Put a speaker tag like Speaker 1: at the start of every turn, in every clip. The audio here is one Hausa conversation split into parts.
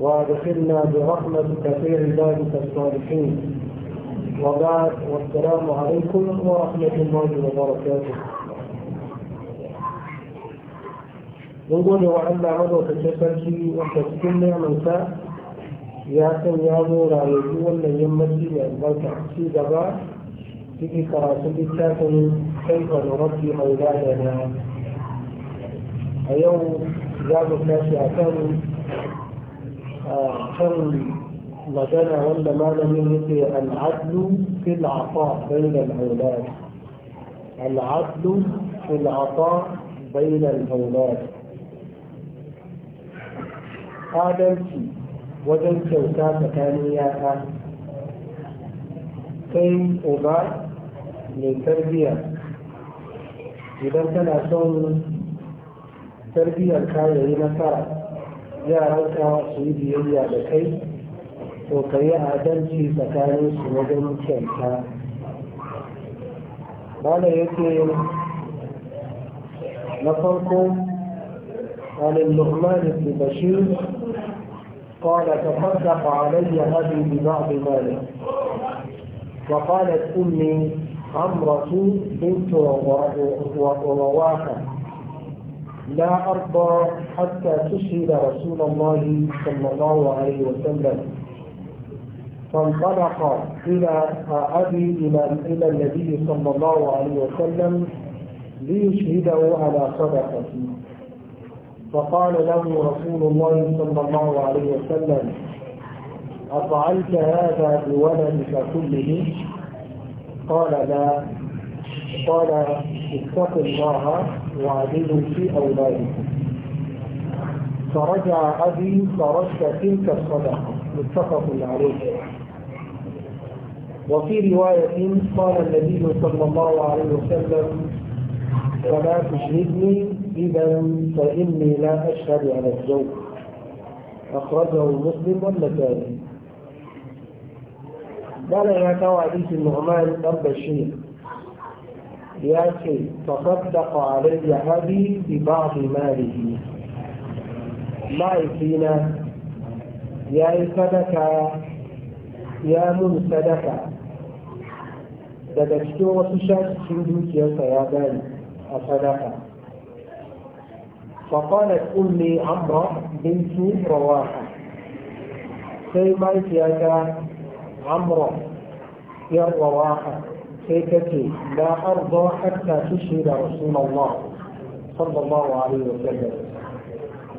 Speaker 1: وادخلنا برحمتك في عبادك الصالحين وبعد والسلام عليكم ورحمة الله وبركاته نقول وعلى عضو تشفرشي وتسكننا من ساء يا سن يا مورا يجول لن يمشي لأنبالك في دبا في كراسل الساكن كيف نربي أولادنا اليوم جابوا الناس أكانوا كم بدنا ولا ما لم العدل في العطاء بين الأولاد العدل في العطاء بين الأولاد هذا في وجن شوكا تكانيا كي أبا لتربية إذا كان أشون تربية كاية لنكارك yaranka su yi biyayya da kai to ka yi adalci tsakanin su wajen kyauta bala yake na farko عن النعمان بن بشير قال تصدق علي أبي ببعض ماله وقالت أمي عمرة بنت رواحة لا أرضى حتى تشهد رسول الله صلى الله عليه وسلم فانطلق إلى أبي إلى إلى النبي صلى الله عليه وسلم ليشهده على صدقته فقال له رسول الله صلى الله عليه وسلم أفعلت هذا بولدك كله؟ قال لا قال اتق الله وعدلوا في أولادكم فرجع أبي فرد تلك الصدقة متفق عليه وفي رواية قال النبي صلى الله عليه وسلم فلا تشهدني إذا فإني لا أشهد على الزوج أخرجه مسلم والنسائي قال يا كوى النعمان أربع شيخ يا شيء تصدق علي أبي ببعض ماله معكينا يا صدقة يا من صدقة daga cikin wasu cikin يا ya bani فقالت أمي عمرة بنت رواحة سيما سيادة عمرة يا رواحة سيتتي لا أرضى حتى تشهد رسول الله صلى الله عليه وسلم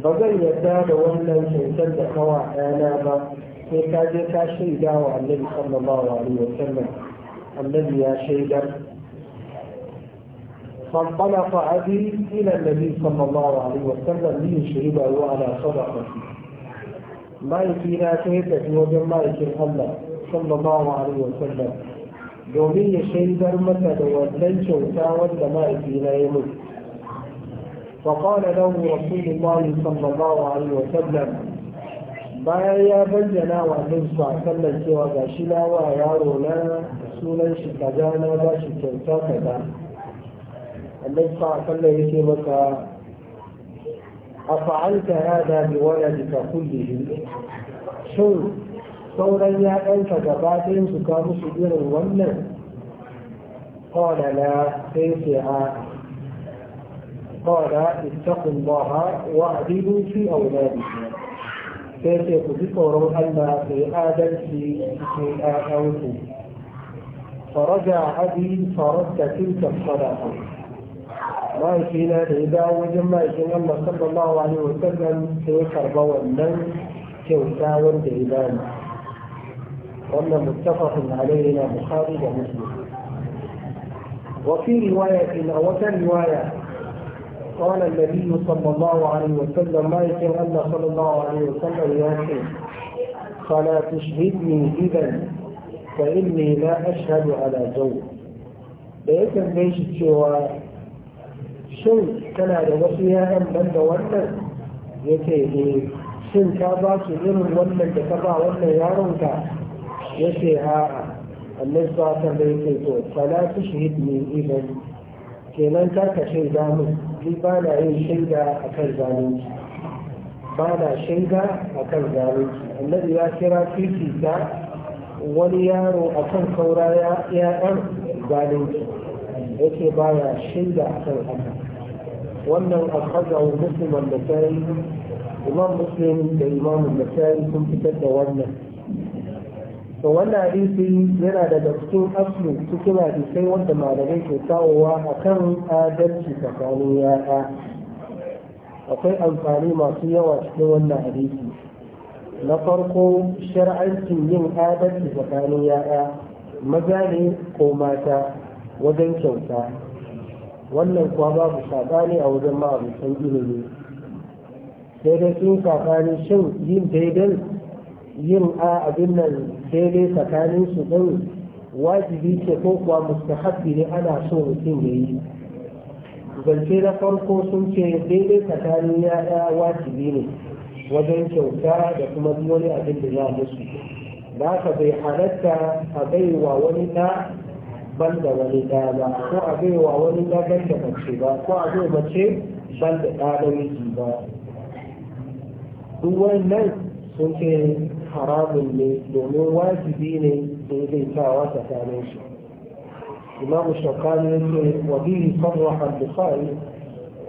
Speaker 1: بغي يتاب ولا يتسد هو آلابا سيتاجك شيدا والنبي صلى الله عليه وسلم الذي يا شيدا فانطلق أبي إلى النبي صلى الله عليه وسلم ليشهده على صدقته ما يكينا كيف في الله صلى الله عليه وسلم domin ya shaidar mata da wannan kyauta wanda ma'aikina ya mutu فقال له رسول الله صلى الله عليه وسلم bayan ya bayyana wa annabi sallallahu cewa gashi na wa yaro na sunan shi kaza na ba shi kyauta kaza annabi a alaihi yake maka afa'alta hada bi waladika kullihi shin sauran ‘ya'yanka gaba ɗayan su ka musu irin wannan ƙwada na sai ce a ƙwada istakun ba wa adilu fi auladi sai ce ku ji tsoron Allah sai yi adalci cikin ‘ya'yanku faraja abi farasta tilka sadaqa mahaifina da ya dawo wajen mahaifin Allah sallallahu alaihi wa sallam sai karba wannan kyauta wanda ya bani وأن متفق عليه إلى البخاري ومسلم وفي رواية أو رواية قال النبي صلى الله عليه وسلم ما يكن أن صلى الله عليه وسلم يأتي فلا تشهدني إذا فإني لا أشهد على جو لكن ليش سوى شن كان على وصيها أم من دولت يتيه shin ka ba su irin wannan da ka ya ce a'a annabi sa ta da yake to fala tushhid min idan kenan ka ka shaida min ni ba na yin shaida akan zalunci ba na shaida akan zalunci annabi ya kira Fifi fifita wani yaro akan saura ya ɗan zalunci yake ba ya shaida akan haka wannan akhadahu musliman da sai imam muslim da imam da sai sun fitar da wannan to wannan hadisi yana daga cikin aslu cikin hadisai wanda malamai ke kawowa a kan adalci tsakanin yaya akwai amfani masu yawa cikin wannan hadisi na farko shar'ancin yin adalci tsakanin yaya maza ne ko mata wajen kyauta wannan kuwa babu saɓani a wajen ma'abutan ilimi sai dai sun saɓani shin yin daidai yin a abin nan sai dai tsakanin su ɗin wajibi ce ko kuwa mustahabbi ne ana so mutum ya yi zance na farko sun ce daidai tsakanin ya'ya wajibi ne wajen kyauta da kuma wani abin da za a musu da haka bai halatta a baiwa wani ɗa ban da wani ɗa ba ko a baiwa wani ɗa ban da mace ba ko a zai mace ban da ɗa namiji ba duk nan sun ce حرام لي واجبين إذن تعوات تعليش إمام الشوقاني يقول وبيه صرح البخاري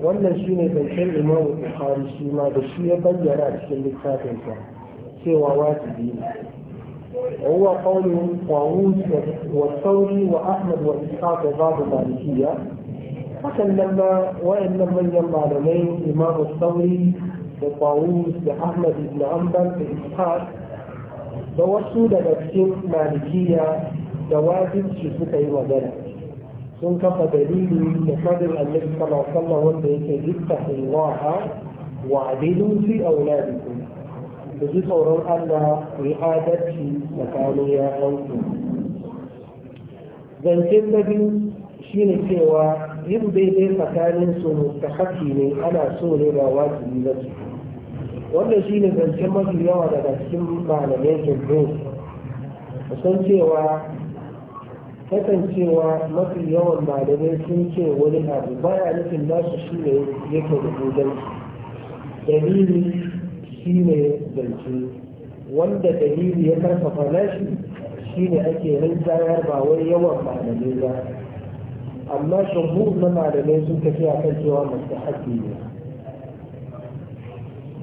Speaker 1: والنسين بيشل إمام البخاري سيما بشي بيّر أكسل لكاتل سوى واجبين هو قول طاووس والثوري وأحمد وإسحاق بعض المالكية لكن لما وإن لم يجمع لمين إمام الثوري وطاووس وأحمد بن عمبر وإسحاق da wasu daga cikin malikiya da su suka yi magana sun kafa dalili da fadin annabi sallallahu alaihi wanda yake ittaqullaha wa adilu fi auladikum da ji tsoron Allah ku yi adalci tsakanin yaranku zancen na biyu shine cewa yin daidai tsakanin su mustahabi ne ana so ne ba wajibi ba Wanda shi ne zancen mafi yawa daga cikin malamai jirgin san kasancewa mafi yawan malamai sun ce wani abu baya nufin nasu shi ne yake da dogon dalili shi ne zance wanda dalili ya karfafa nashi shi ne ake rinjayar ba wani yawan malamai ba amma shahur na malamai sun tafi a kan cewa masu haƙi ne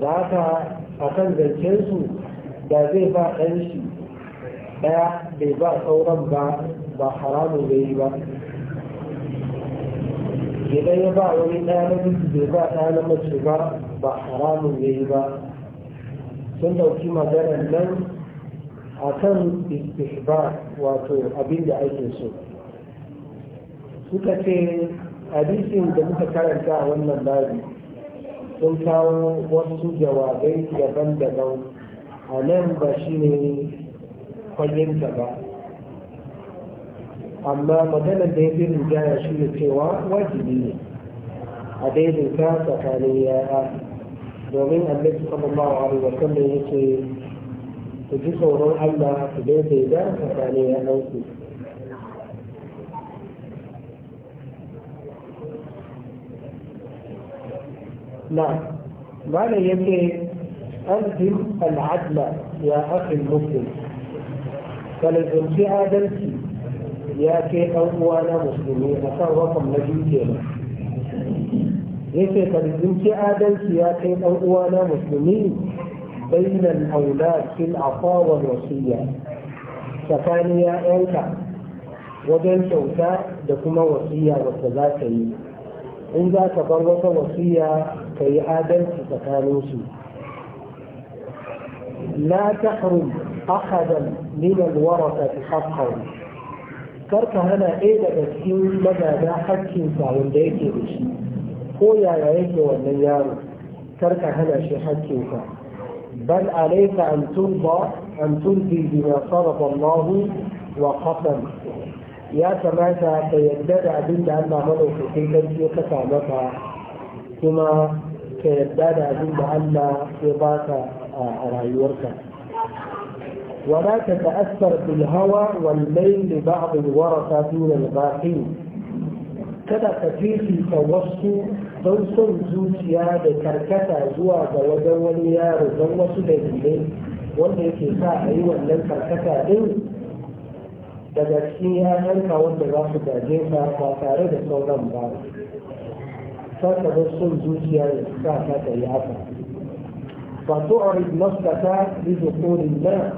Speaker 1: da aka a kan zancensu da zai ba ɗan shi ɗaya bai ba sauran ba ba haramun ya yi ba idan ya ba wani ɗaya na bai ba ɗaya na mace ba ba haramun ya yi ba sun ɗauki maganar nan a kan ba wato abin da ake so suka ce hadisin da muka karanta a wannan labi sun kawo wasu jawabai daban-daban a nan ba shi ne kwallonta ba amma magana da ya fi rinjaya shi da cewa wajibi ne a daidaita tsakanin yaya domin annabi sallallahu alaihi wa sallam yake ku ji tsoron Allah ku daidaita tsakanin ku. نعم معنى يجي ألزم العدل يا أخي المسلم فلزم في عدلتي يا كي أوانا مسلمين أكان رقم نجي كينا يجي فلزم في عدلتي يا كي أوانا مسلمين بين الأولاد في العطاء والوصية سفاني يا wajen kyauta شوكا دكما وصية wacce za in za ka bar wata wasiya ka yi adalci tsakaninsu لا تحرم أحدا من الورثة حقا karka hana ɗaya daga cikin magada hakkinsa wanda yake da shi ko yaya yake wannan yaro karka hana shi hakkinsa bal alayka an turda an turdi bima sarafa Allah wa qasam ya kamata ka yarda da abin da Allah madaukakin sarki ya kasa maka kuma ka yarda da abin da Allah ya baka a rayuwarka ولا تتأثر بالهوى والميل لبعض الورثة دون الباقين kada ka fifita wasu don son zuciya da karkata zuwa ga wajen wani yaro don wasu dalilai wanda yake sa a yi wannan karkata din daga cikin ‘ya'yanka wanda za su gaje ka ba tare da sauran ba sarka da son zuciya ya sa ta ta yi haka ba to a nafsaka bi zukurin na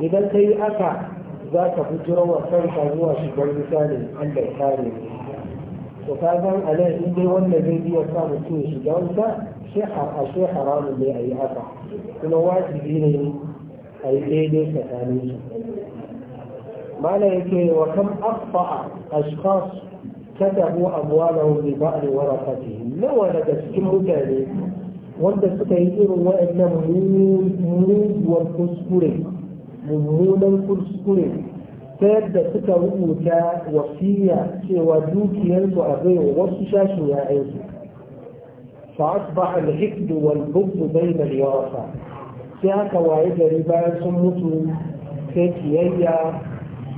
Speaker 1: idan ka yi haka za ka fi wa kanka zuwa shigar misalin allah ya kare to ka san a nan in dai wannan zai iya sa mutum ya shiga wuta shi a shi haramun ne a yi haka kuma wajibi ne a yi daidai tsakanin
Speaker 2: su
Speaker 1: mana yake wa kam akhfa ashkhas katabu amwalahum li ba'd warafatihim nawa daga cikin mutane wanda suka yi irin wa'annan muguwar kuskure mummunan kuskure ta yadda suka rubuta wasiya cewa dukiyarsu a bai wasu shashin ya'yansu فأصبح الحقد والبغض بين الورثة sai aka waye gari bayan sun mutu sai kiyayya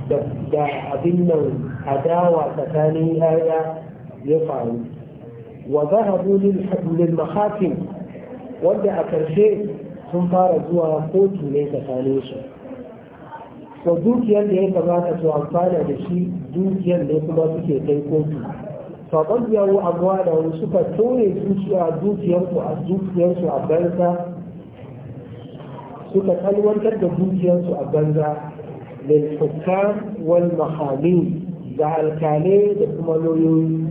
Speaker 1: da abin nan adawa tsakanin yaya ya faru wa a lil mahafin wanda a karshe sun fara zuwa kotu ne tsakanin su dukiyar da ya kamata su amfana da shi dukiyar da kuma suke kai kotu faɗon yawo abuwa da suka tore zuciya dukiyarsu a dukiyarsu a banza suka kalwantar da dukiyarsu a banza للحكام والمخابين دع الكالي دكما نويون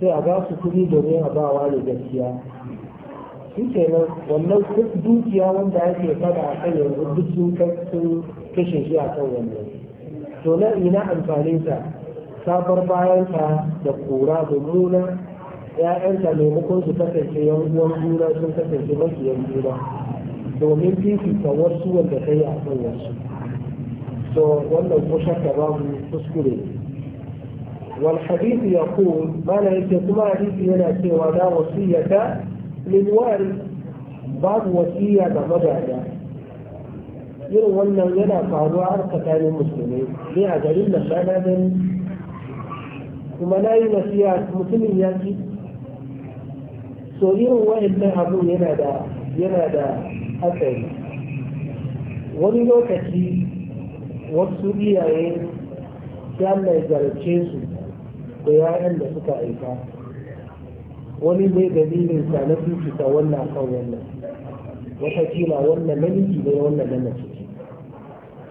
Speaker 1: سي أبا سكري دوني أبا والي جسيا سيكينا ونو كتبو كيا وندا يكي تبع كيو ودسو كتبو كشيشي أتو ونو سونا إنا أنفاليسا سابر بايانسا دكورا دمونا ya yanta ne mukun su kasance yanzuwan jura sun kasance mafi yanzu ba domin fifita wasu wanda ta yi a kan wasu so wannan ko shakka babu kuskure wal hadith yaqul mana yake kuma hadisi yana cewa da wasiyata lil warith babu wasiya ga madada. irin wannan yana faruwa har tsakanin musulmi ne a garin nan ba na gani kuma na yi wasiya mutumin ya ci so irin wa'annan abu yana da yana da hatsari wani lokaci wasu iyaye sai Allah ya zarce su da yayan da suka aika wani ne dalilin sa na fifita wannan kan wannan wata kila wannan namiji ne wannan na mace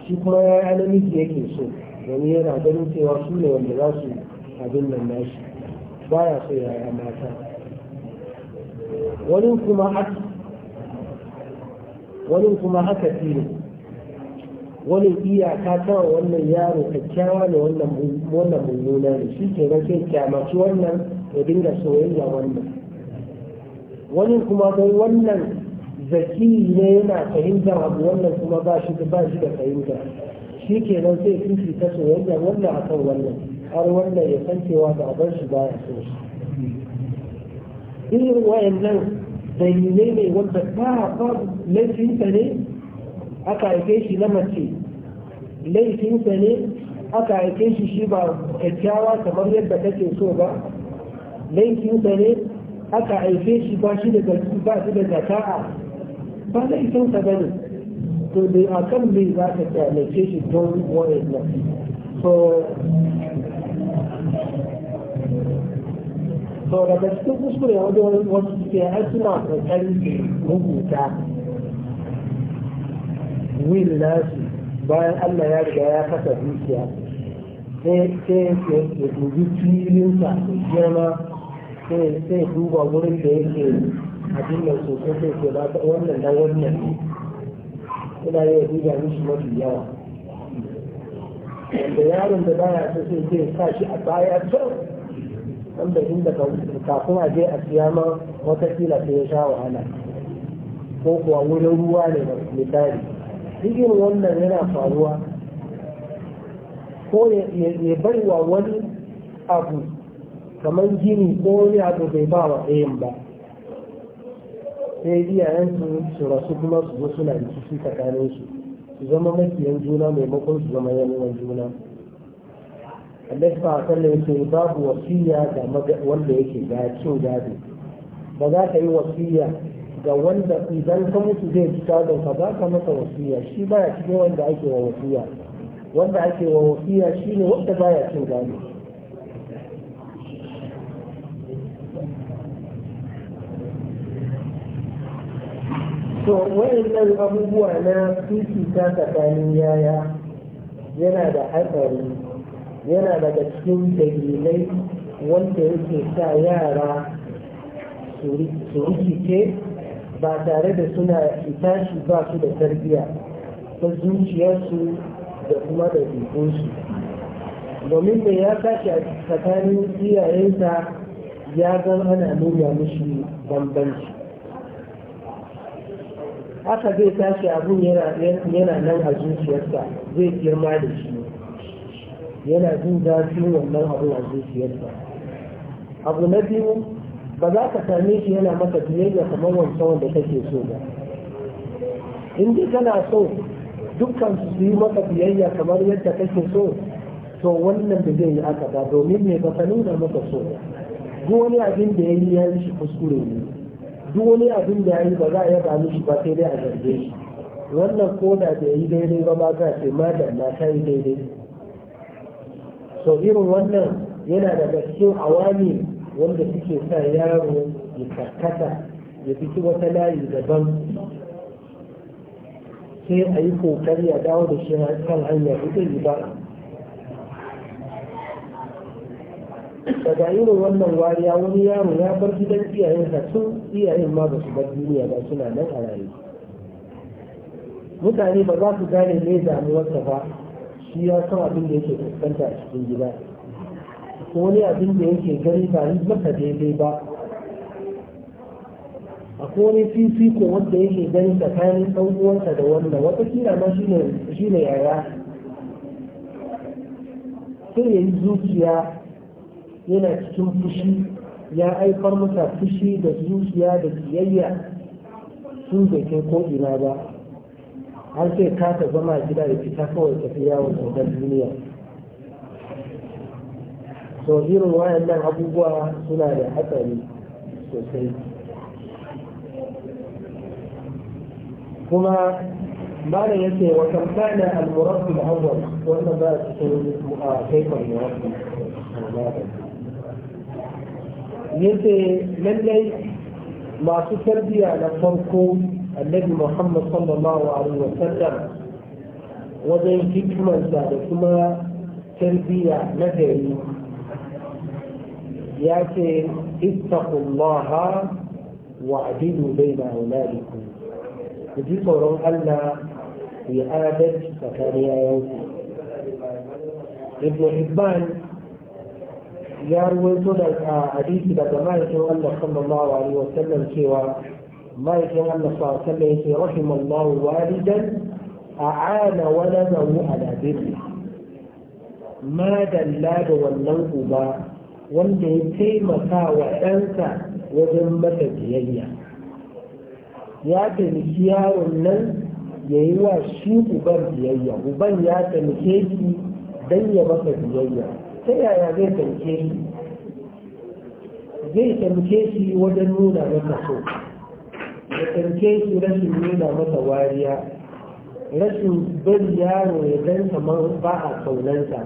Speaker 1: shi kuma yaya namiji yake so domin yana ganin cewa su ne wanda za su abin nan nashi baya so yaya mata wani kuma haka wani kuma haka ne wani iyaka ta wannan yaro kyakkyawa ne wannan mummuna ne shi ke sai kyamaci wannan ya dinga soyayya wannan wani kuma don wannan zaki ne yana fahimtar abu wannan kuma ba shi da fahimta shi ke nan sai fifi ta soyayya wannan akan wannan har wannan ya san cewa da a shi ba ya so shi irin wayannan dalilai ne wanda ba ba laifinta ne aka haife shi na mace laifinsa ne aka haife shi shi ba kyakkyawa kamar yadda kake so ba laifinsa ne aka haife shi ba shi da ba shi da zaka'a ba laifinsa ba ne to dai a kan mai za ka kyalace shi don na so so daga cikin kuskure wajen wasu suke har suna kokarin rubuta will nashi bayan Allah ya riga ya kasa dukiya sai ya dubi filinsa girma sai duba wurin da yake abin da sosai sai ke ba wannan da wannan ina yi duba mishi mafi yawa wanda yaron da baya so sai zai sa shi a baya can wanda inda kafin a je a siya ma kila sai ya sha wahala ko kuwa wurin ruwa ne misali cikin wannan yana faruwa ko ya bari wa wani abu kamar gini ko wani abu bai ba wa ɗayan ba sai yan su rasu kuma su zo suna rikici tsakanin su su zama makiyan juna maimakon su zama yanuwan juna Allah ba kalla yake babu wasiya ga wanda yake ga cin gado ba za ka yi wasiya ga wanda idan ka mutu zai ji gadon ka za ka masa wasiya shi baya cikin wanda ake wa wasiya wanda ake wa wasiya shi ne wanda baya cin gado to wayannan abubuwa na ta tsakanin yaya yana da hatsari yana daga cikin dalilai wanda yake sa yara su rikice ba tare da suna tashi ba su da tarbiyya ta zuciyarsu da kuma da jikinsu domin da ya tashi a tsakanin iyayensa ya zan ana nuna mishi bambanci haka zai tashi abun yana nan a zuciyarsa zai girma da shi yana jin zafi wannan abun a zuciyarsa abu na biyu ba za ka same shi yana maka biyayya kamar wancan wanda kake so ba in dai kana so dukkan su su yi maka biyayya kamar yadda kake so to wannan da zai yi aka ba domin me baka nuna maka so duk wani abin da ya yi ya yi shi kuskure ne duk wani abin da ya yi ba za a yaba mishi ba sai dai a zarge shi wannan ko da ya yi daidai ba ma za ce ma da na ta yi daidai so irin wannan yana daga cikin awami wanda suke sa yaro ya karkata ya fiti wata layi daban sai a yi kokari a dawo da shi kan hanya ita yi ba daga irin wannan wariya wani yaro ya bar gidan iyayensa tun iyayen ma ba su bar duniya ba suna nan a rayu mutane ba za su gane ne damuwarsa ba shi ya san abin da yake fuskanta a cikin gida wani abin da yake gani ba yi maka daidai ba kone fifi fifiko wanda yake gani tsakanin ɗan uwansa da wannan wata kila ma shi ne yaya sai ya yi zuciya yana cikin fushi ya aifar masa fushi da zuciya da kiyayya sun bai kai ko ina ba har sai ka ta zama gida da fita kawai tafi yawon duniya سوزير وأن أبوها سلالة حتى لي كما ما لا يسي وكم كان المربي الأول وأن ما تقول كيف المربي يسي من لي ما تسردي على فرقون النبي محمد صلى الله عليه وسلم وزي حكمة كما تربية نفعي ya ce ittaqullaha wa adilu baina auladikum ku ji tsoron Allah ku yi adalci tsakanin yayanku ibn hibban ya ruwaito da hadisi daga ma'aikin Allah sallallahu alaihi wa sallam cewa ma'aikin Allah sallallahu alaihi wa sallam yake rahimallahu walidan a'ana waladahu ala birri ma dalla da wannan uba wanda ya taimaka wa ɗansa wajen mata biyayya ya taimaki yaron nan ya yi wa shi uban biyayya uban ya taimake shi don ya masa biyayya ta yaya zai taimake shi zai taimake shi wajen nuna masa so ya taimake shi rashin nuna masa wariya rashin bari yaro ya dan ba a saunansa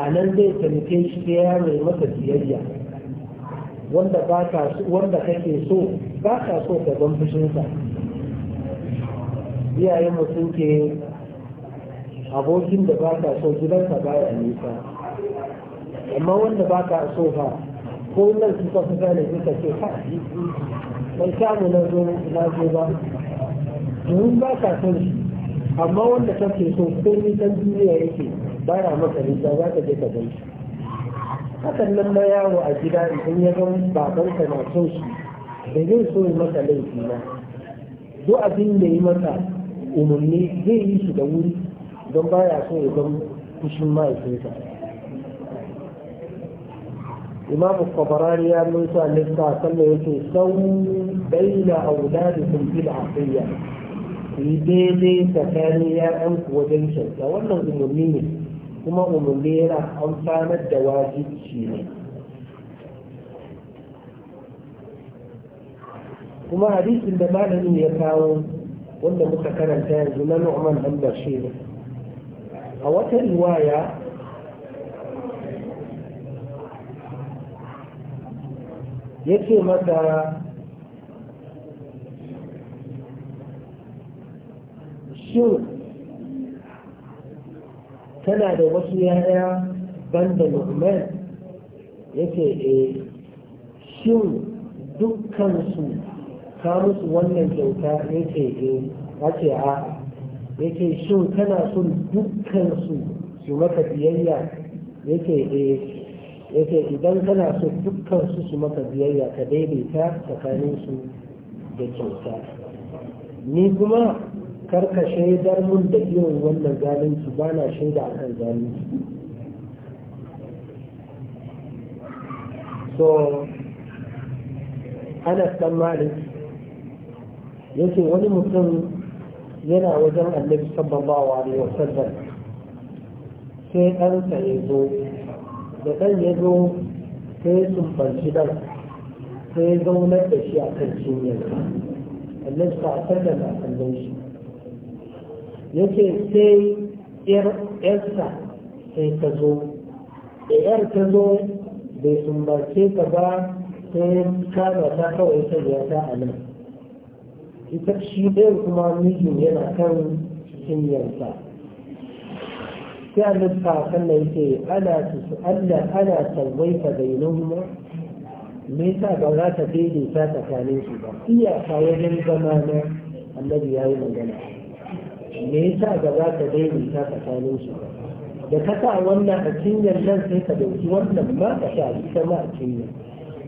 Speaker 1: a nan zai taimake shi ya yaro masa biyayya wanda ba ka wanda kake so ba ka so ka gan fushinsa iyayen mu sun ke abokin da ba ka so gidansa ba ya nisa
Speaker 2: amma wanda ba
Speaker 1: ka so ba ko nan suka fi gane suka ce ha bai samu na zo na zo ba domin ba ka son shi amma wanda kake so ko ni dan duniya yake baya maka nisa za ka je ka gan shi hakan nan na yawo a gida idan ya gan babanka na son shi da zai so yi maka laifi na duk abin da yi maka umarni zai yi shi da wuri don baya so ya gan fushin mahaifinsa imamu kwabarani ya nuna nista sannan yake sau baina fi da aqiyya yi daidai tsakanin ya'yanku wajen shanta wannan umarni ne kuma umarni an samar da wajibci ne kuma hadisin da malamin ya kawo wanda muka karanta yanzu na nu'man dan bashir a wata riwaya ya ce mata shin tana da wasu ya'ya banda nu'man yake e eh, shin dukkansu ka musu wannan kyauta yake e eh. ake a yake shin kana son dukkansu su maka biyayya yake e eh. yake idan kana son dukkansu su maka biyayya ka daidaita tsakaninsu da kyauta ni kuma karka shaidar mun da irin wannan zalunci ba na shaida a kan zalunci so anas dan malik yace wani mutum yana wajen annabi sallallahu wa wasallam sai ɗansa ya zo da ɗan ya zo sai sumbanci ɗan sai zaunar da shi a kan cinyarsa annabi sallallahu alaihi wasallam a kan shi yake sai ƴarsa sai ta zo da yar ta zo bai sumbace ta ba sai kada ta kawai ta biya ta a nan ita shi ɗayan kuma mijin yana kan cinyarsa sai a nufa sannan yake ana su Allah ana tarwaita bainahuma me ba za ta daidaita tsakanin su ba iyaka wajen zama na annabi ya yi magana me yasa ba za ka ta tsakanin su da ka sa wannan a cinyar nan sai ka dauki wannan ma ka sha ita ma a cinyar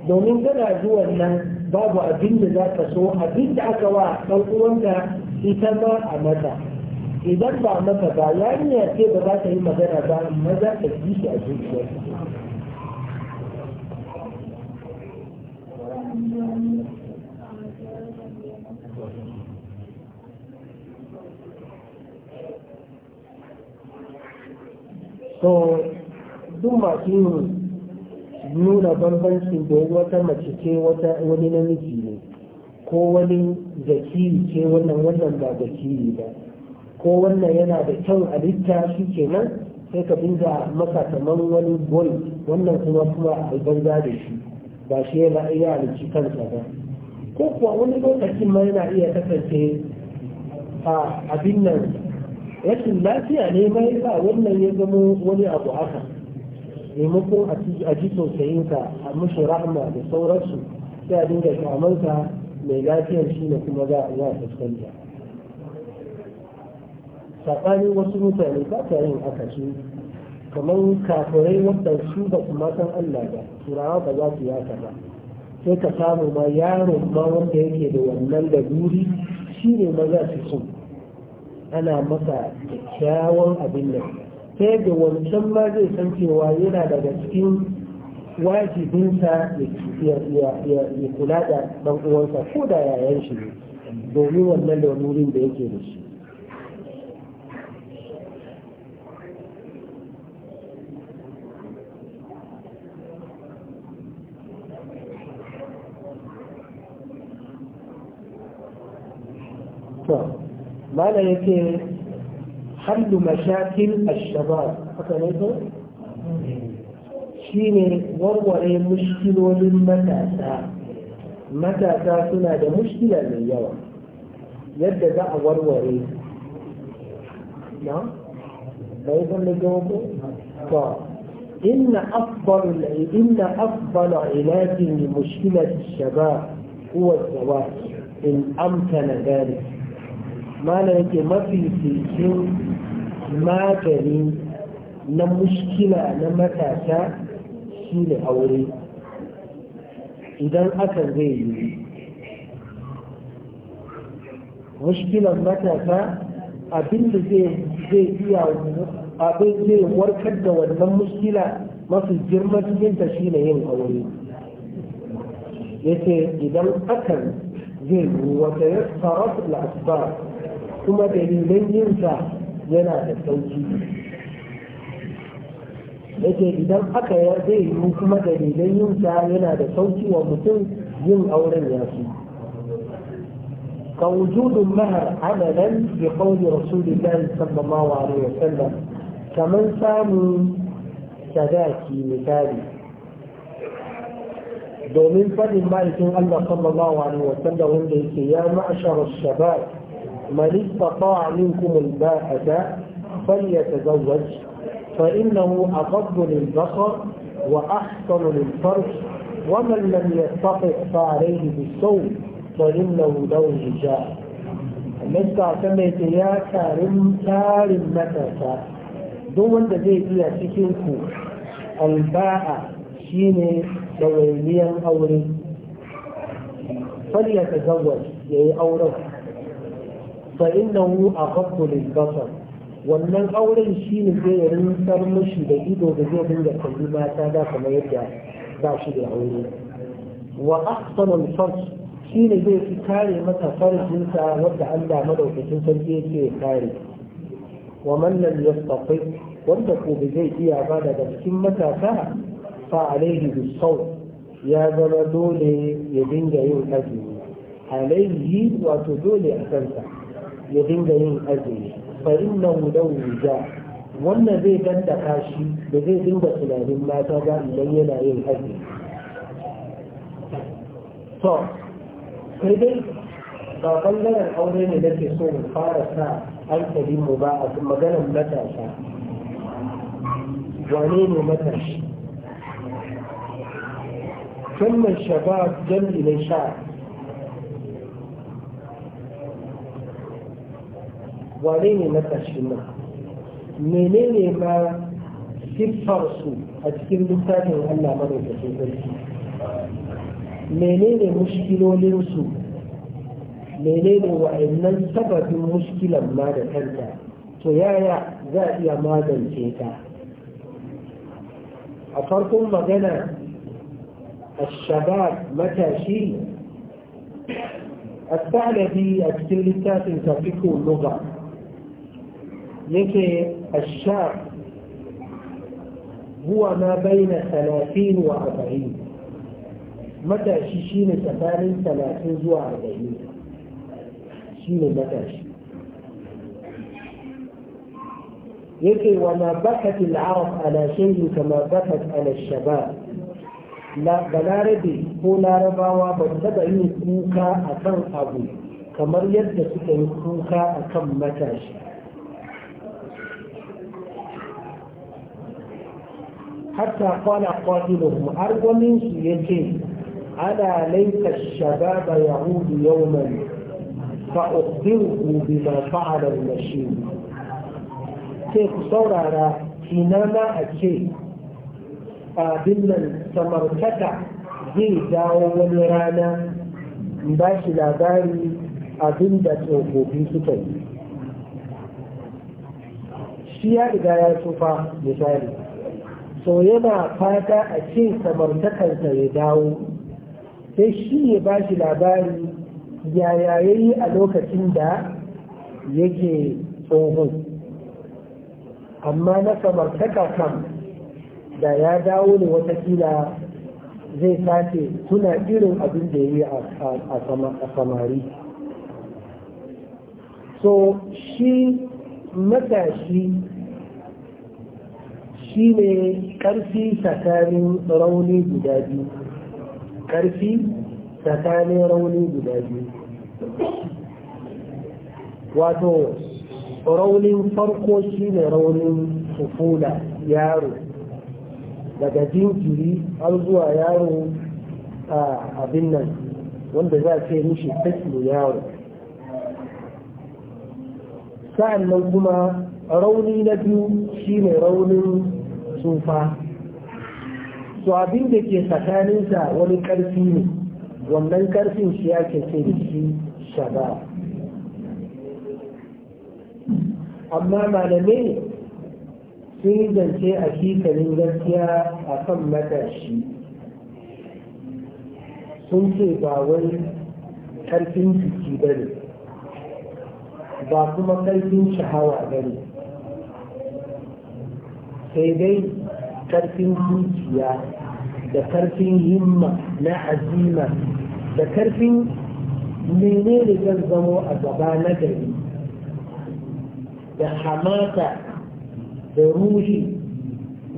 Speaker 1: domin kana zuwan nan babu abin da za ka so abin da aka wa ɗan uwanka ita ma a mata idan ba maka ba yarinya ce ba za ta yi magana ba amma za ka ji shi a zuciyar to duk masu nuna bambancin da wata mace ce wani namiji ne ko wani zaki ce wannan wannan ba zaki ba ko wannan yana da kyan a shi kenan sai ka dinga masa kamar wani boy wannan kuma kuma a banza da shi ba shi yana iya halici kansa ba ko kuwa wani lokacin ma yana iya kasance a abin nan rashin lafiya ne bai sa wannan ya zama wani abu haka maimakon a ji sosayinka a mashi rahama da sauransu sai a dinga kyamarsa mai lafiyar shi ne kuma za a fuskanta saɓanin wasu mutane ba ta yin haka su kamar kafirai wadda su ba su matan Allah ba turawa ba za su yaka ba sai ka samu ma yaro ma wanda yake da wannan da guri shi ne maza su sun ana masa kyakkyawan abin nan ta yadda wancan ma zai san cewa yana daga cikin wajibinsa ya kula da ɗan uwansa ko da yayan shi ne domin wannan lalurin da yake da shi ما لا يكون حل مشاكل الشباب مثلا شيني وهو اي مشكل ومن متى ساعة متى ساعة هذا مشكلة من يوم يبدأ ذا وهو نعم لا يفهم لجوابه ف طيب. إن أفضل إن أفضل علاج لمشكلة الشباب هو الزواج إن أمكن ذلك mana yake mafi cikin magani na mushkila na matasa shine aure idan aka zai yi mushkilan matasa abin da zai iya abin zai warkar da wannan mushkila mafi girma cikinta shine yin aure yace idan akan zai yi wata ya tsara kuma dalilan yinsa yana da sauki yake idan aka ya zai yi kuma dalilan yinsa yana da sauki wa mutum yin auren ya fi كوجود المهر عملا بقول رسول الله صلى الله عليه وسلم كمن سامي sadaki misali domin fadin ma'aikin Allah sallallahu alaihi wa sallam wanda yake ya ma'ashar shabab من استطاع منكم الباءة فليتزوج فإنه أقض للبقر وأحسن للفرج ومن لم يستطع فعليه بالصوم فإنه ذو الرجاء نسعى سميت يا كارم كارم متى مكاسا دون دقيق يا سكينكو الباء شيني دوليا أوري فليتزوج يا يعني أوري فإنه أخف للبصر wannan auren shi ne zai rinsar mashi da ido da zai dinga kalli mata da kuma yadda ba shi da aure wa ahsanul farj shi ne zai fi kare masa farjinsa wanda Allah madaukakin sarki yake kare wa man lam yastati wanda ko zai iya ba daga cikin matasa fa alaihi bisaw ya zama dole ya dinga yin azumi alaihi wato dole a kansa ya dinga yin azumi fa na lahu wija wannan zai danda kashi da zai dinga tunanin mata ba idan yana yin azumi to sai dai ba bangaren aure ne ke so mu fara sa hankalin mu ba a maganar matasa wane ne matashi mai shabab jam'i ilai sha wane ne na ƙarshen nan menene ma su a cikin littafin Allah madaukakin sarki menene mushkilolinsu menene wa'annan sababin mushkilan ma da kanta to yaya za a iya magance ta a farkon magana a الشباب متى a a cikin littafin تفكه lugar yake ashar huwa ma na talatin wa arba'in matashi shine tsakanin talatin zuwa arba'in shine matashi yake wa na bakat al-arab ala shay'in kama bakat ala shabab balarabe ko larabawa ba taba yin kuka a akan abu kamar yadda suka yi kuka akan matashi hatta qala qatiluhum har wani su yace ana laita shababa yahudu yawman fa ukhbiruhu bima fa'ala al-mashir sai ku saurara ina na a ce abin nan samartaka zai dawo wani rana ba shi labari abin da tsofaffi suka yi shi ya riga ya tsufa misali so yana fata a ce takarta ya dawo sai shi ya ba shi labari yaya ya yi a lokacin da yake tsohon amma na kamar kam da ya dawo ne watakila zai sace suna irin abin da ya yi a samari so shi matashi shi ne ƙarfi tsakanin rauni guda biyu ƙarfi tsakanin rauni guda biyu wato raunin farko shi ne raunin tufula yaro daga jinkiri har zuwa yaro a abin nan wanda za a ce mishi tafiyo yaro sa'an nan kuma rauni na biyu shi ne raunin tsufa su abin da ke tsakaninsa wani ƙarfi ne wannan ƙarfin shi ya ke ce da shi shaba amma malamai sun yi zance a kikalin gaskiya a kan matashi sun ce ba wai ƙarfin jiki ba ne ba kuma ƙarfin shahawa ba ne sai dai karfin zuciya da karfin himma na azima da karfin menene zan zamo a gaba na gari da hamata da ruhi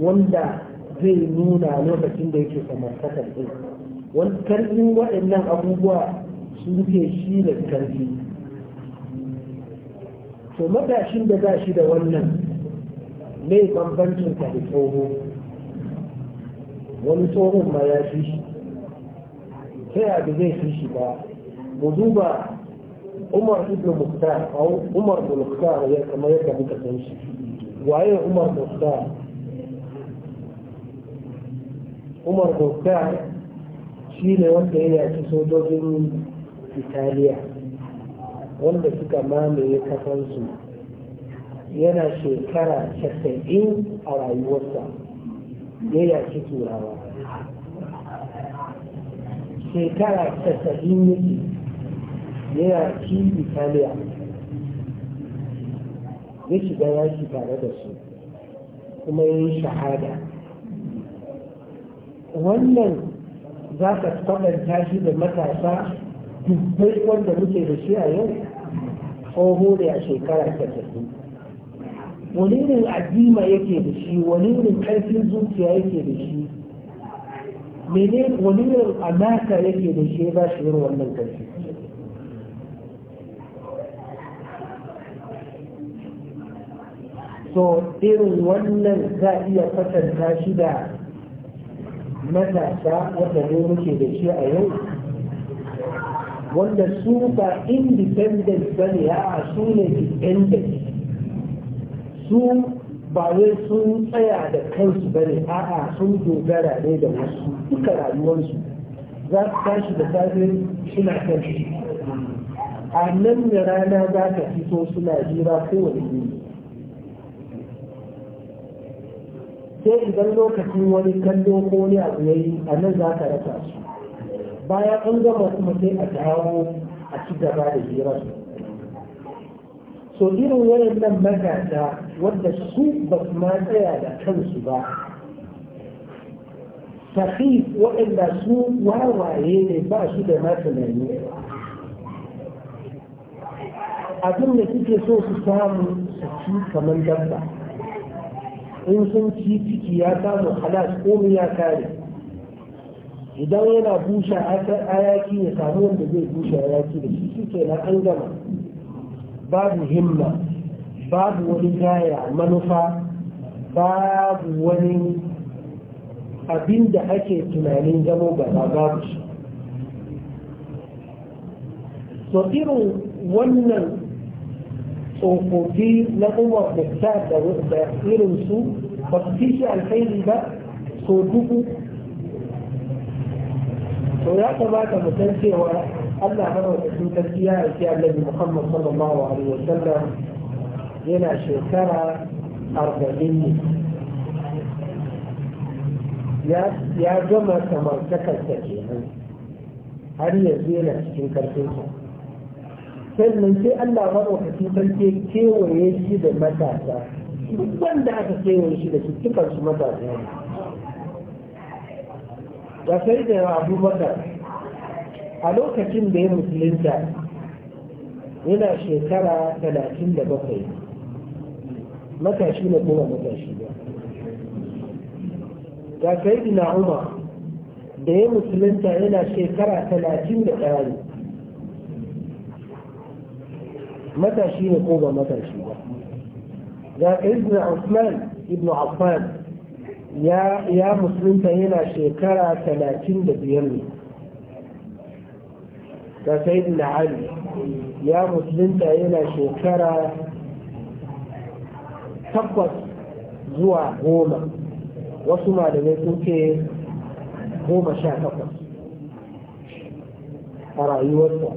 Speaker 1: wanda zai nuna lokacin da yake samartakar ɗin wani karfin waɗannan abubuwa sun ke shi da karfi to matashin da za shi da wannan me bambancin ka da tsoho wani tsohon ma ya fi shi ta da zai fi shi ba mu duba umar ibn muktar a umar muktar ya kama yadda muka san shi waye umar muktar umar muktar shi ne wanda ya yaki sojojin italiya wanda suka mamaye kasansu yana shekara casa'in a rayuwarsa ya yaki turawa shekara casa'in yake ya yaki italiya ya shiga shi tare da su kuma ya yi shahada wannan za ka kwatanta shi da matasa dubbai wanda muke da shi a yau ko ne a shekara casa'in wani ne addima yake da shi wani ne ƙarfin zuciya yake da shi
Speaker 2: mene wani ne
Speaker 1: alaka yake da shi ba shi yin wannan karfi so irin wannan za a iya kwatanta shi da matasa wanda ne muke da shi a yau wanda su ba independent ba ne a su ne dependent su ba sun tsaya da kansu ba ne a'a sun dogara ne da wasu duka rayuwarsu za su tashi da safe suna kan shi a nan da rana za ka fito suna jira kowane ne sai idan lokacin wani kallo ko wani abu ya a nan za ka rasa su bayan an gama kuma sai a dawo a ci gaba da hirar. to irin wayannan matasa wadda su ba su ma tsaya da kansu ba sahi waɗanda su wawaye ne ba su da masu abin da suke so su samu su ci kamar dabba in sun ci ciki ya samu halas komi ya kare idan yana bushe ayaki ya samu wanda zai bushe yaki da shi suke na an gama باب همة باب ولجاية منفى باب ولن أبين ده أكي تنالين جمو بلا باب صغير ونن صوفوكي لهم وفتاة بأخير سوء بخصيش الحين با صوتوكو ويأتي بعد مثل سيوارك ألا من من تزكية أشياء النبي محمد صلى الله عليه وسلم إلى شكرا أربعين يا يا جماعة ما ذكر تزكية هل يزيل أشكين كرتينها كل من شيء ألا من وتزكية تزكية كي ويشيد المتاعة من ده كي ويشيد تكبر المتاعة يا أبو بكر a lokacin da ya musulunta yana shekara talatin da bakwai matashi na kuma matashi ba ga sai ina umar da ya musulunta yana shekara talatin da ɗari matashi ne kuma matashi ba ga ibn Usman ibn Affan ya musulunta yana shekara talatin da biyar ne ga sayyidina ali ya musulunta yana shekara takwas zuwa goma wasu malamai sun ce goma sha takwas a rayuwarsa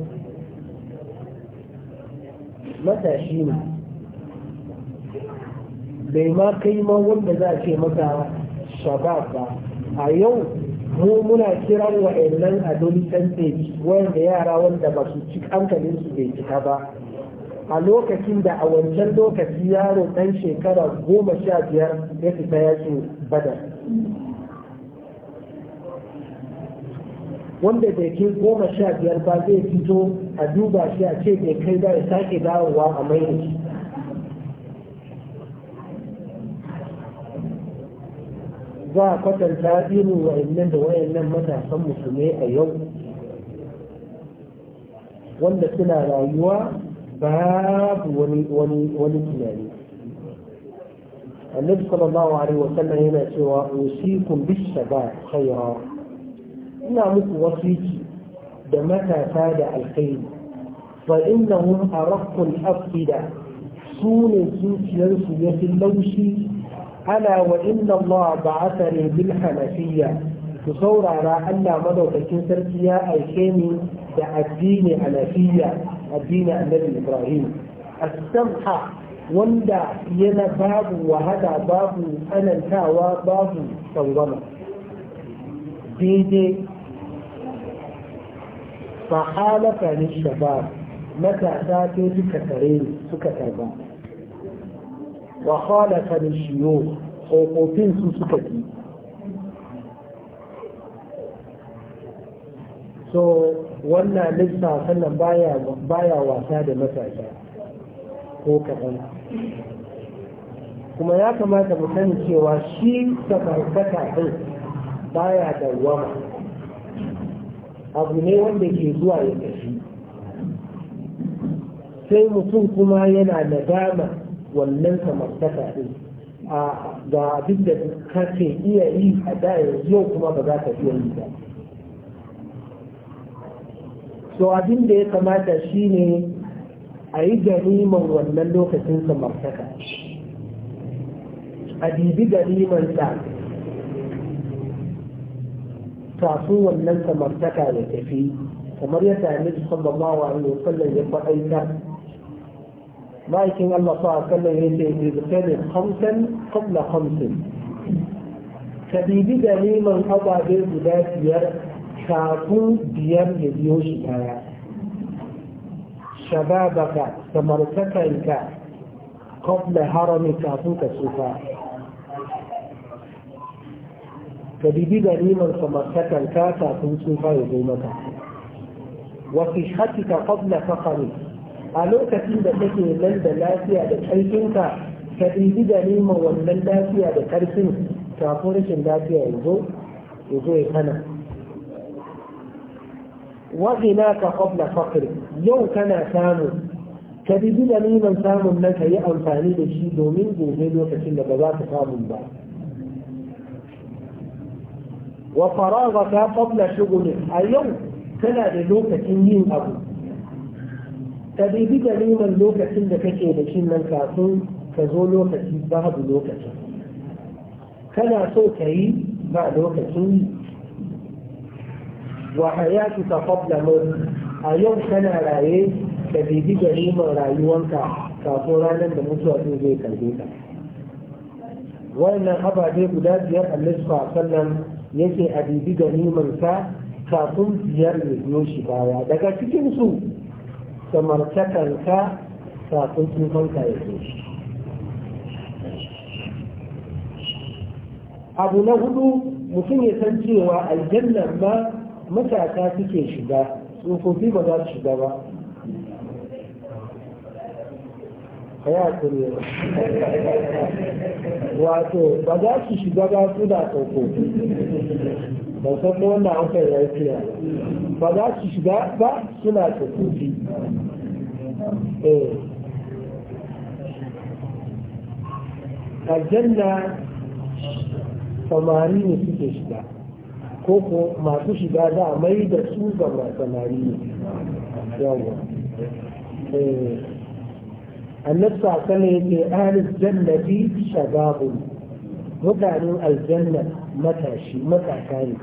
Speaker 1: matashi ne bai ma kai ma wanda za a ce maka shabab a yau mu muna kiran wa'annan adolescent age wanda yara wanda ba su ci hankalin su bai cika ba a lokacin da a wancan lokaci yaro ɗan shekara goma sha biyar ya fita yakin badar wanda da ke goma sha biyar ba zai fito a duba shi a ce bai kai ba ya sake dawowa a mai za a kwatanta irin wa'annan da wa'annan matasan musulmai a yau wanda suna rayuwa babu wani tunani annabi sallallahu alaihi wa sallam yana cewa usikum bis-shabab khayra ina muku wasiki da matasa da alkhairi fa innahum araqqul afida sune ne zuciyarsu ya laushi ألا وإن الله بعثني بالحنفية تصور على أن مدو تكين تركيا أيكيني الدين حنفية الدين النبي إبراهيم السمحة وندا ينا باب وهذا باب أنا الكاوى باب صورنا ديدي فحالة عن الشباب متى ذاتي سكترين سكتر باب wa khalafa da shiyo tsofaffin su suka ki so wannan lissafin nan baya wasa da matasa ko kaɗan kuma ya kamata mu sani cewa shi samarkata ɗin baya dawwama abu ne wanda ke zuwa ya tafi sai mutum kuma yana nadama wannan samartaka ɗin, a ga abin da ke iya yi a da yau kuma ba za ka iya yi ba so abin da ya kamata shine a yi ganiman wannan lokacin samartaka a dibi ganiman sa kafin wannan samartaka ya tafi kamar yadda annabi sallallahu alaihi wasallam ya faɗaitar لكن الله صلى الله عليه وسلم يقول قبل خمسا قبل خمس كبيبي دليل الحظ يد هي كافو ديان مليون شبابك تمرتك انك قبل هرم كافو كسوفا كبيبي دليل ثمرتك انك كافو سوفا يقول لك وصحتك قبل فقرك a lokacin da take nan da lafiya da ƙarfinka ka ɗibi da nema wannan lafiya da ƙarfin kafin rashin lafiya ya zo ya zo ya hana wa'ina ka kwabla fakir yau kana samun. ka ɗibi da neman samun nan ka yi amfani da shi domin gobe lokacin da ba za ka samu ba wa faraga ka kwabla shugulin a yau kana da lokacin yin abu ka bibi ganiman lokacin da kake da shi nan kafin ka zo lokaci babu lokacin kana so ka yi ba lokacin wa hayatu ta qabla a yau kana raye ka bibi ganiman rayuwanka kafin ranar da mutuwa sun zai karbe ka wannan ababe guda biyar allah sallallahu yake a bibi ganiman sa kafin biyar ya biyo shi baya daga cikin su ta kanka kafin kanka ya zo abu na hudu mutum ya san cewa aljannan ba matasa suke shiga tsofaffi ba za su shiga ba ya wato ba za su shiga ba su da tsofaffi ban san ko wannan an kai ba za su shiga ba suna kufi eh aljanna samari ne suke shiga ko ko masu shiga za a mai da su ga samari ne yawa eh. annabi sakana yake ahlus jannati shababun mutanen aljanna matashi matakari ne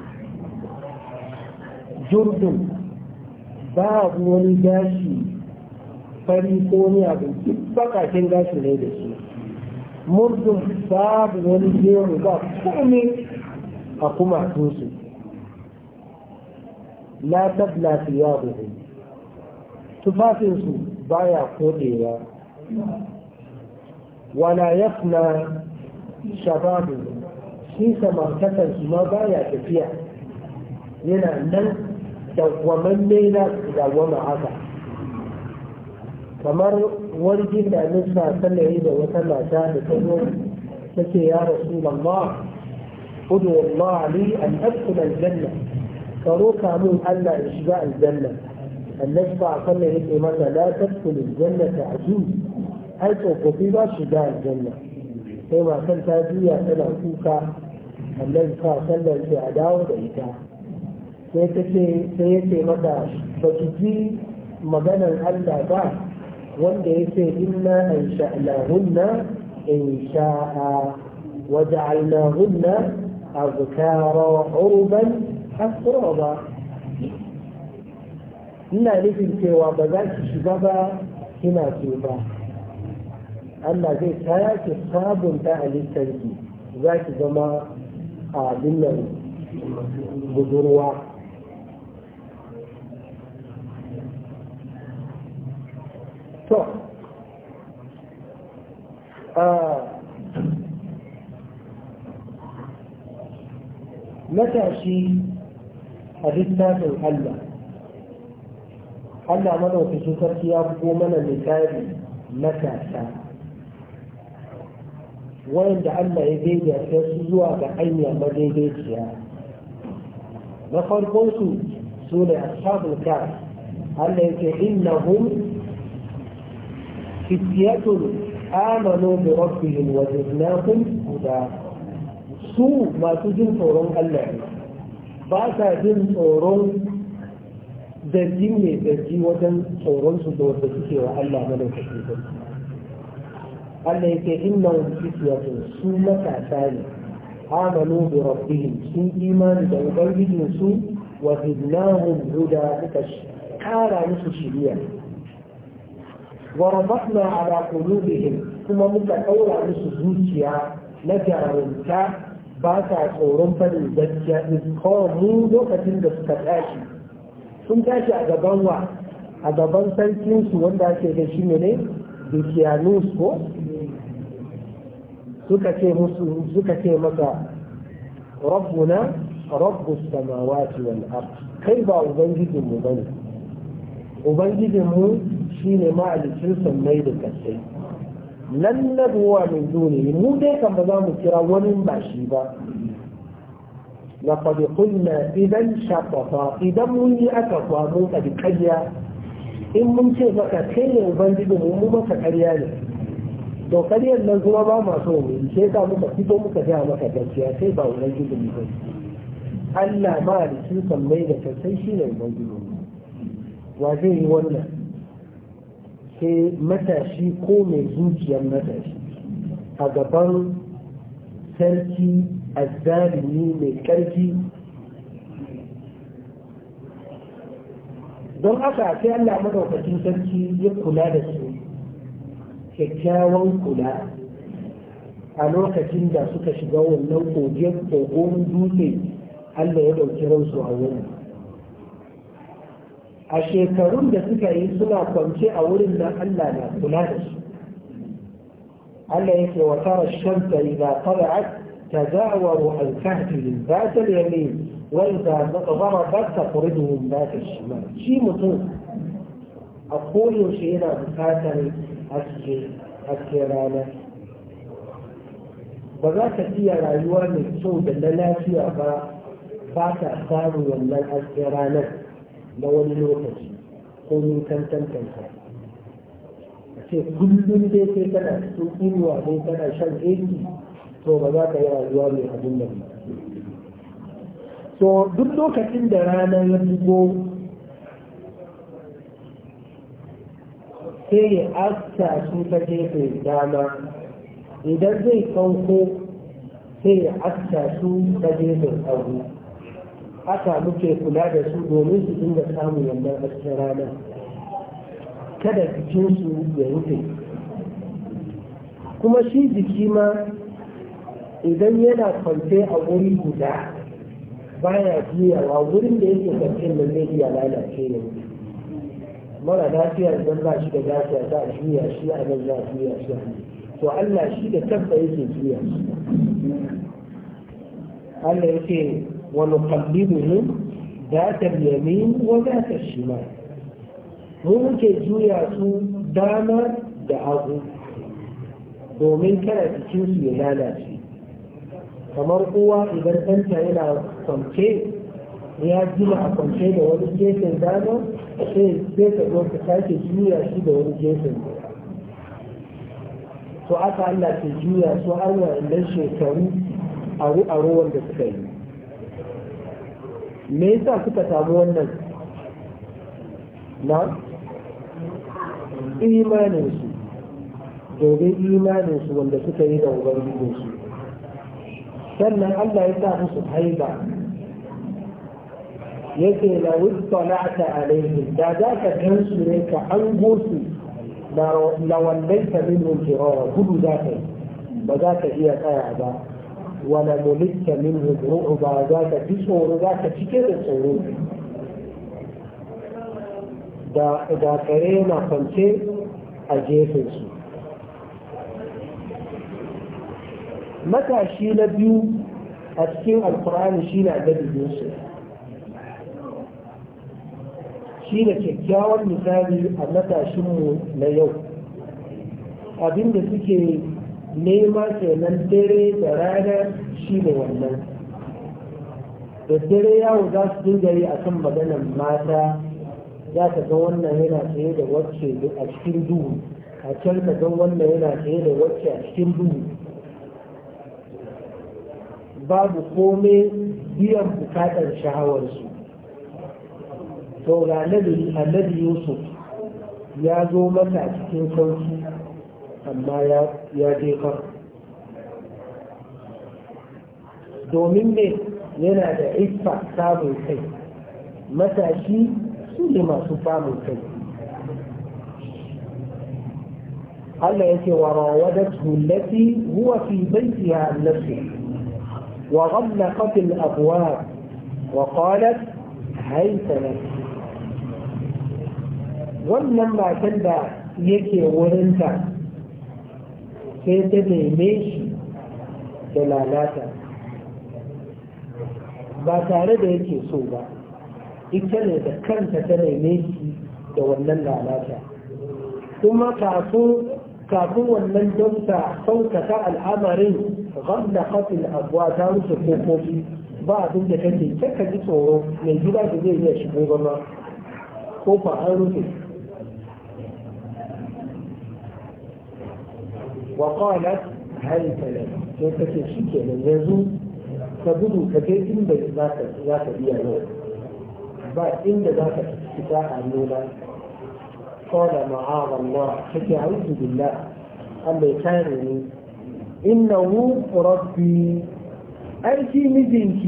Speaker 1: jurdun babu wani gashi fari ko wani abu duk bakakin gashi ne da shi murdun babu wani jeru ba komai a kuma su la tabla thiyabuhum tufafinsu ba ya kodewa wala yafna shababu shi samartakar su ma ba ya tafiya yana nan dawwamamme na su dawwama haka kamar wargin da annabi sa sallari da wata mata da ta zo take ya rasulullah udu Allah li an adkhul aljanna ka roka Allah in shiga aljanna annabi sa sallari yake mata la tadkhul aljannata ajuz ai tsofaffi ba shiga aljanna sai matan ta juya tana kuka annabi sa sallari a dawo da ita sai ta ce sai ya ce mata ba ki ji maganar Allah ba wanda ya ce inna an sha'lahunna in sha'a wa ja'alnahunna azkara urban asraba ina nufin cewa ba za ki shiga ba kina ce ba Allah zai kaya ki sabunta halittarki za ki zama a dinnan budurwa to matashi a littafin Allah Allah madaukakin sarki ya bugo mana misali matasa wayanda Allah ya daidaita su zuwa ga hanya madaidaiciya na farkon su su ne ashabul kaf Allah yake innahum فتية آمنوا بربهم وزدناهم هدى su masu jin tsoron Allah ne ba sa jin tsoron zargi mai zargi wajen tsoron su da wanda suke wa Allah mana kake da Allah yake inna fitiyatun su matasa ne amanu bi rabbihim sun imani da ubangijin su wa zidnahum huda suka kara musu shiriya وربطنا على قلوبهم ثم متقول عن سزوتيا نجر منك باتا tsoron barin gaskiya in kawai mu lokacin da suka tashi sun tashi a gaban wa a gaban sarkinsu wanda ake da shi ne dukiyanus ko suka ce musu suka ce masa rabbuna rabbus samawati wal ard kai ba ubangijin mu bane ubangijinmu shi ne ma'alicin sannai da kasai nan na ruwa mai dole mu dai kan ba za mu kira wani ba shi ba na kwade kunna idan shakwafa idan mun yi aka kwamun a karya in mun ce maka kai ne ubangijinmu mu maka karya ne to karyar nan kuma ba masu wuri sai ka muka fito muka gaya maka gaskiya sai ba ubangijinmu ba Allah ma da sun sammai da kasai shi ne ubangijinmu wa zai yi wannan sai matashi ko mai zuciyar matashi a gaban sarki azzalimi mai ƙarfi don haka sai Allah madaukakin sarki ya kula da su kyakkyawan kula a lokacin da suka shiga wannan kogin kogon dutse Allah ya ɗauki ransu a wurin a shekarun da suka yi suna kwance a wurin nan Allah na kula da su Allah yake wa tara shamsa idza tala'at tazawaru an kahfi min bat al-yamin wa idza gharabat taqridu min bat al-shimal shi mutum a koyaushe yana bukatar haske haske rana ba za ka iya rayuwa mai kyau da na lafiya ba ba ka samun wannan haske ranar na wani lokaci ko min kantantanka a ce kullum dai sai kana cikin inuwa dai kana shan aiki to ba za ka yi rayuwa mai abin da ba to duk lokacin da rana ya dubo sai ya asta su ta gefe dama idan zai sauko sai ya asta su ta gefe hagu haka muke kula da su domin su dinga samun wannan hasken rana kada jikinsu ya rufe kuma shi jiki ma idan yana kwance a wuri guda baya juyawa wurin da yake kwance da zai iya lalace ne mara lafiya idan ba shi da lafiya za a juya shi a nan za a juya shi to Allah shi da tabba yake juya shi Allah yake ونقلبهم ذات اليمين وذات الشمال ممكن جويا سو داما دعاغو domin kada jikinsu ya lalace kamar uwa idan ɗanta yana kwance ya jima a kwance da wani gefen dama sai sai ka zo ka sake juya shi da wani gefen to aka Allah ke juya su har shekaru a ruwan da suka yi me yasa suka samu wannan na imaninsu domin imaninsu wanda suka yi da su. sannan Allah ya sa musu haiba yake la wuttala'ta alaihi da za ka gan ne ka an gosu la lawan minhum firara gudu za ka yi ba za ka iya tsaya ba min منه ba za ta fi tsoro, za ta cike da da kare na kwance a jefinsu matashi na biyu a cikin alkur'ani shi na gadidinsu shi da kyakkyawan misali a matashinmu na yau abinda suke nema kenan dare da rana shi ne wannan da dare yawo za su dinga yi a kan maganan mata za ka ga wannan yana tsaye da wacce a cikin duhu a can ka ga wannan yana tsaye da wacce a cikin duhu babu kome biyan bukatar su to ga annabi yusuf ya zo mata cikin sauki amma ya jefar domin ne yana da iffa samun kai matashi su ne masu samun kai Allah ya ce wa rawadatu lati huwa fi baitiha an wa ghallaqat al abwab wa qalat hayta wannan matan da yake wurinta sai ta neme shi da lalata ba tare da yake so ba ita ne da kanta ta neme shi da wannan lalata kuma kafin wannan don ta saukata al'amarin da hafin abuwa ta rufe kofofi ba abin da take kakka ji tsoro mai gida da zai iya shigo gaba ko fa an rufe وقالت هل تلم كيف تشيك من يزو تبدو كتاتم بيت ذاك ذاك بيانو بعد إن ذاك استفاء النولا قال معاذ الله حتي أعوذ بالله أما يتعرني إنه ربي أنت مزينك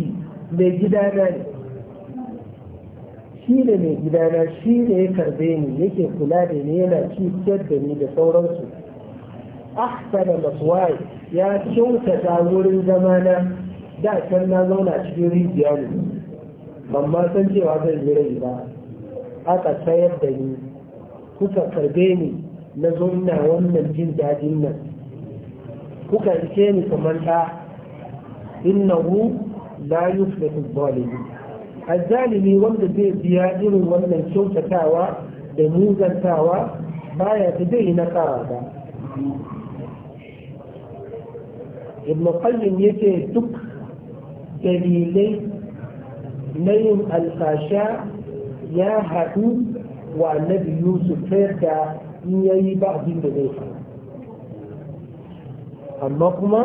Speaker 1: لجدانا shi ne mai gidana shi ne ya karbe ni yake kula da ni yana ci da sauransu ahsana maswai ya kyautata wurin zamana da can na zauna cikin rijiya ne san cewa zan yi rai ba aka sayar da ni kuka karbe ni na zauna wannan jin dadin nan kuka ishe ni kamar da innahu la yuflihu zalimin azzalimi wanda zai biya irin wannan kyautatawa da muzantawa baya da dai na nasara ba ibn qayyim yake duk dalilai na yin alfasha ya haɗu wa annabi yusuf ta yadda in yi ba abin da zai faru amma kuma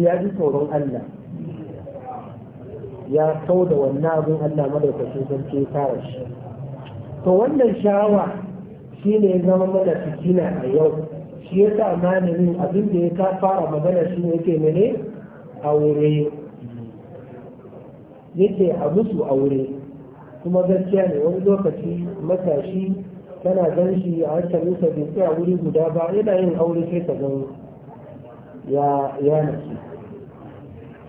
Speaker 1: ya ji tsoron Allah ya kau da wannan abin Allah madaukacin sarki kare shi to wannan shawa shi ne ya zama mana fitina a yau shi ya sa malamin abin da ya ta fara magana shi ne yake mene aure yake a musu a wuri? kuma gaskiya ne wani lokaci matashi tana gan shi a hankalinsa bai tsaya wuri guda ba yana yin aure sai ka gan ya na shi.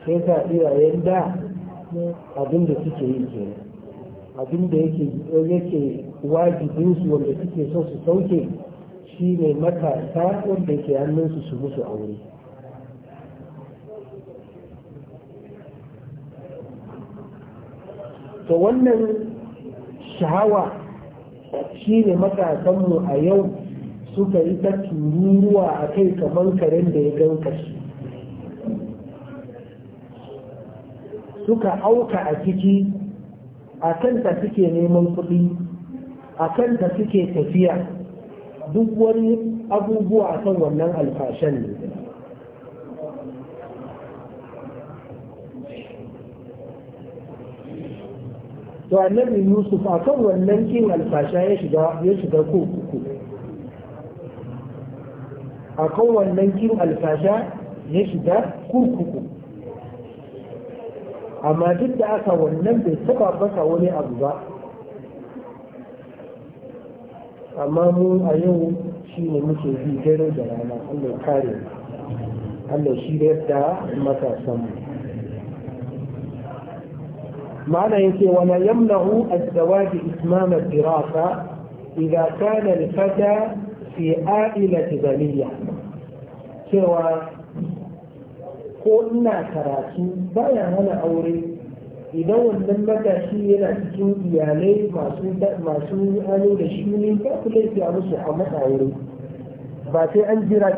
Speaker 1: sai ka iyayen da abin da suke yi ke abin da yake yake wajibinsu wanda suke so su sauke shi ne matasa wanda ke hannunsu su musu aure to wannan shahawa shi ne matasanmu a yau suka yi ta ruwa a kai kamar karen da ya ganka shi suka auka a ciki a kanta suke neman kuɗi a kanta suke tafiya duk wani abubuwa a kan wannan alfashen ne to annabi yusuf a kan wannan kin alfasha ya shiga ya shiga kurkuku a kan wannan kin alfasha ya shiga kurkuku amma duk da aka wannan bai taba baka wani abu ba amma mu a yau shi ne muke bi dare da rana allah kare allah shi da yadda masa samu ma'ana yake wani yamnahu azzawaji ismama firasa idan kana lifata fi a'ila tibaliya cewa ko ina karatu baya hana aure idan wannan matashi yana cikin iyalai masu hannu da shi ne ba ku laifi a musu a matsayin ba sai an jira